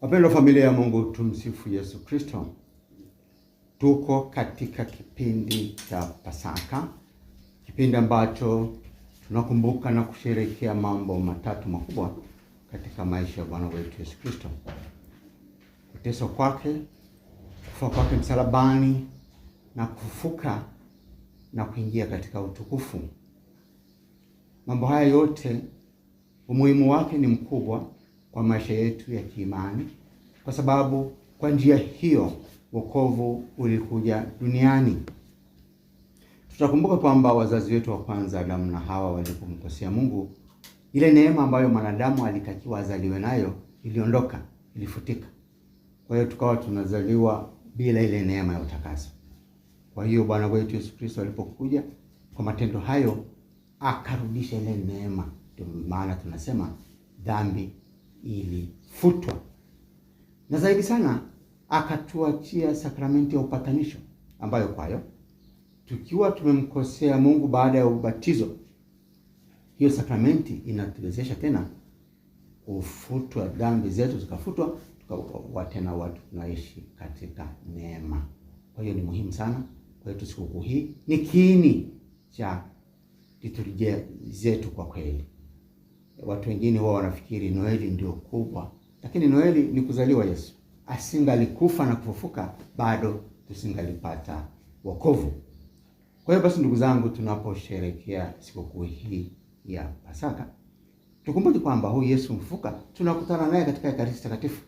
Wapendwa familia ya Mungu, tumsifu Yesu Kristo. Tuko katika kipindi cha Pasaka, kipindi ambacho tunakumbuka na kusherehekea mambo matatu makubwa katika maisha ya Bwana wetu Yesu Kristo: kuteswa kwake, kufa kwake msalabani, na kufufuka na kuingia katika utukufu. Mambo haya yote umuhimu wake ni mkubwa kwa maisha yetu ya kiimani, kwa sababu kwa njia hiyo wokovu ulikuja duniani. Tutakumbuka kwamba wazazi wetu wa kwanza Adamu na Hawa walipomkosea Mungu, ile neema ambayo mwanadamu alitakiwa azaliwe nayo iliondoka, ilifutika. Kwa hiyo tukawa tunazaliwa bila ile neema ya utakaso. Kwa hiyo Bwana wetu Yesu Kristo alipokuja kwa matendo hayo akarudisha ile neema, ndio maana tunasema dhambi ilifutwa, na zaidi sana akatuachia sakramenti ya upatanisho ambayo kwayo tukiwa tumemkosea Mungu baada ya ubatizo, hiyo sakramenti inatuwezesha tena kufutwa dhambi zetu, zikafutwa tukawa tena watu tunaishi katika neema. Kwa hiyo ni muhimu sana kwetu. Sikukuu hii ni kiini cha liturujia zetu kwa kweli watu wengine huwa wanafikiri Noeli ndio kubwa, lakini Noeli ni kuzaliwa Yesu. Asingalikufa na kufufuka, bado tusingalipata wokovu. Kwa hiyo basi, ndugu zangu, tunaposherehekea sikukuu hii ya Pasaka tukumbuke kwamba huyu Yesu mfuka tunakutana naye katika Ekaristi Takatifu.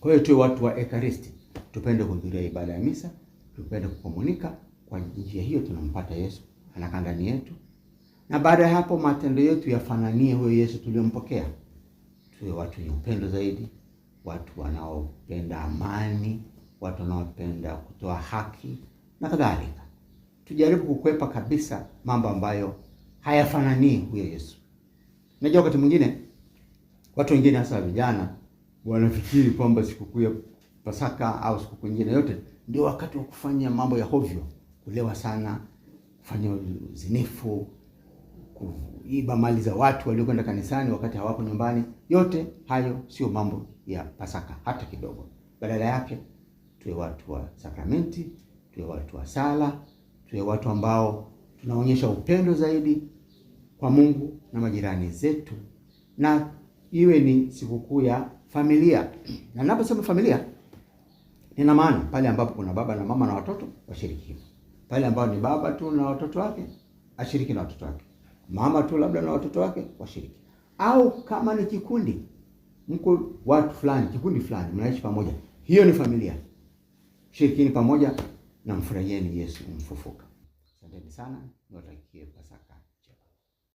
Kwa hiyo tuwe watu wa Ekaristi, tupende kuhudhuria ibada ya misa, tupende kukomunika. Kwa njia hiyo tunampata Yesu, anakaa ndani yetu na baada ya hapo matendo yetu yafananie huyo Yesu tuliyompokea, tuwe watu wenye upendo zaidi, watu wanaopenda amani, watu wanaopenda kutoa haki na kadhalika. Tujaribu kukwepa kabisa mambo ambayo hayafananii huyo Yesu. najua wakati mwingine watu wengine hasa vijana wanafikiri kwamba sikukuu ya Pasaka au sikukuu nyingine yote ndio wakati wa kufanya mambo ya hovyo, kulewa sana, kufanya uzinifu kuiba mali za watu waliokwenda kanisani wakati hawako nyumbani. Yote hayo sio mambo ya Pasaka hata kidogo. Badala yake tuwe watu wa sakramenti, tuwe watu wa sala, tuwe watu ambao tunaonyesha upendo zaidi kwa Mungu na majirani zetu, na iwe ni sikukuu ya familia. Na ninaposema familia, nina maana pale ambapo kuna baba na mama na watoto washiriki, pale ambapo ni baba tu na watoto wake ashiriki na watoto wake mama tu labda na watoto wake washiriki, au kama ni kikundi, mko watu fulani, kikundi fulani mnaishi pamoja, hiyo ni familia. Shirikini pamoja na mfurahieni Yesu mfufuka. Asanteni sana, niwatakie Pasaka